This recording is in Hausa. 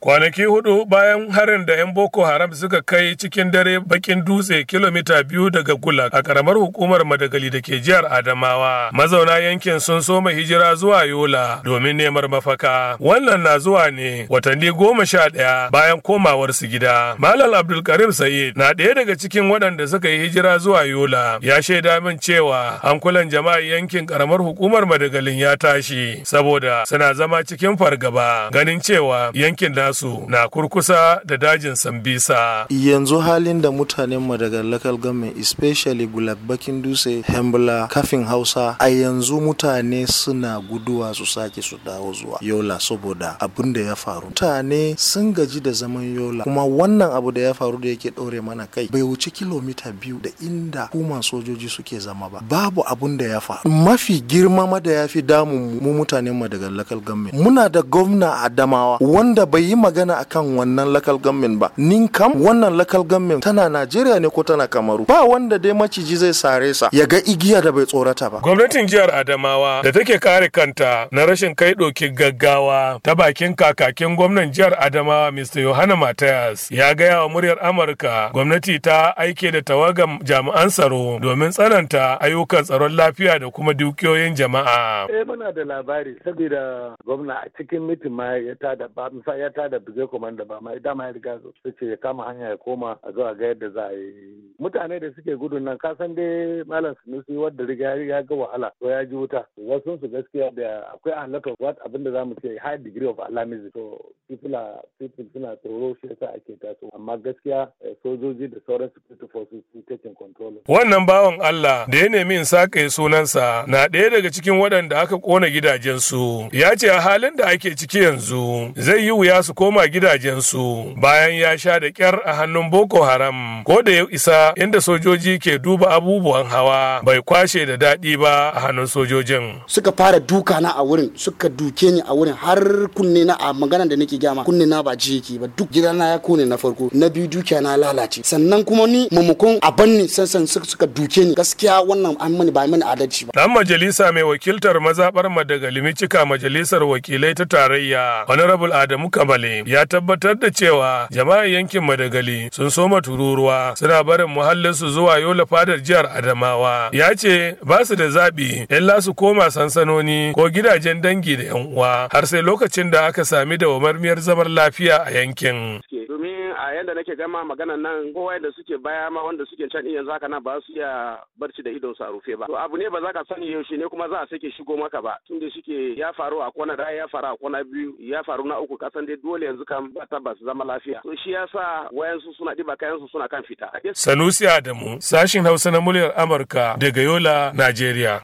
Kwanaki hudu bayan harin da 'yan Boko Haram suka kai cikin dare bakin dutse kilomita biyu daga gula a ƙaramar hukumar Madagali da ke jihar Adamawa. Mazauna yankin sun soma hijira zuwa Yola domin neman mafaka. Wannan na zuwa ne watanni goma sha ɗaya bayan komawar su gida. Malam Abdulkarim Sa'id na ɗaya daga cikin waɗanda suka yi hijira zuwa Yola. Ya shaida min cewa hankulan jama'a yankin ƙaramar hukumar Madagalin ya tashi saboda suna zama cikin fargaba ganin cewa yankin da nasu na kurkusa da dajin Sambisa. Yanzu halin da mutanen mu daga local government especially Gulabbakin Dutse, Hembla, Kafin Hausa a yanzu mutane suna guduwa su sake su dawo zuwa Yola saboda abin da ya faru. Mutane sun gaji da zaman Yola kuma wannan abu da ya faru da yake ɗore mana kai bai wuce kilomita biyu da inda kuma sojoji suke zama ba. Babu abun da ya faru. Mafi girma ma da ya fi damun mu mutanen mu daga local government. Muna da gwamna Adamawa wanda bai yi magana akan wannan local government ba nin kam wannan local government tana Najeriya ne ko tana Kamaru ba wanda dai maciji zai sare sa ya ga igiya da bai tsorata ba gwamnatin jihar Adamawa da take kare kanta na rashin kai doki gaggawa ta bakin kakakin gwamnan jihar Adamawa Mr. Yohana matias ya gaya wa muryar Amurka gwamnati ta aike da tawagan jami'an tsaro domin tsananta ayyukan tsaron lafiya da kuma dukiyoyin jama'a eh muna da labari saboda gwamna a cikin mitin ma ya tada ya ta. da da kuma da ba ma dama ya riga su ce ya kama hanya ya koma a zuwa ga yadda za a yi mutane da suke gudun nan ka san dai malam sunusi wadda riga ya ga wahala to ya ji wuta wasu su gaskiya da akwai a lot of what abin da zamu ce high degree of alarmism to people are suna tsoro shi yasa ake tasowa. amma gaskiya eh, sojoji da sauran security forces control. Wannan bawan Allah da ya nemi in sake sunansa na ɗaya daga cikin waɗanda aka ƙona gidajensu. Ya ce a halin da ake ciki yanzu zai yi wuya su koma gidajensu bayan ya sha da ƙyar a hannun Boko Haram. Ko da ya isa inda sojoji ke duba abubuwan hawa bai kwashe da daɗi ba a hannun sojojin. Suka fara duka na a wurin suka duke ni a wurin har kunne na a magana da nake gyama kunne na ba ji ba duk gidana ya kone na farko na biyu dukiya na lalace sannan kuma ni mamakon abu banni sansan suka duke ni gaskiya wannan an mani ba mani adalci ba dan majalisa mai wakiltar mazabar madagalimi cika majalisar wakilai ta tarayya honorable Adamu kamale. ya tabbatar da cewa jama'ar yankin Madagali sun soma tururuwa suna barin muhallin su zuwa Yola fadar jihar Adamawa ya ce ba su da zaɓi illa su koma sansanoni ko gidajen dangi da 'yan uwa har sai lokacin da aka sami da wamarmiyar zamar lafiya a yankin. yadda nake gama maganan nan kowa da suke baya ma wanda suke can iya zaka na ba su iya barci da idon su a rufe ba to abu ne ba za ka sani yaushe ne kuma za a sake shigo maka ba tunda shike ya faru a kona da ya faru a kona biyu ya faru na uku kasan dai dole yanzu kan ba tabbas zama lafiya to shi yasa wayansu suna diba kayansu suna kan fita sanusi adamu sashin hausa na muryar amurka daga yola najeriya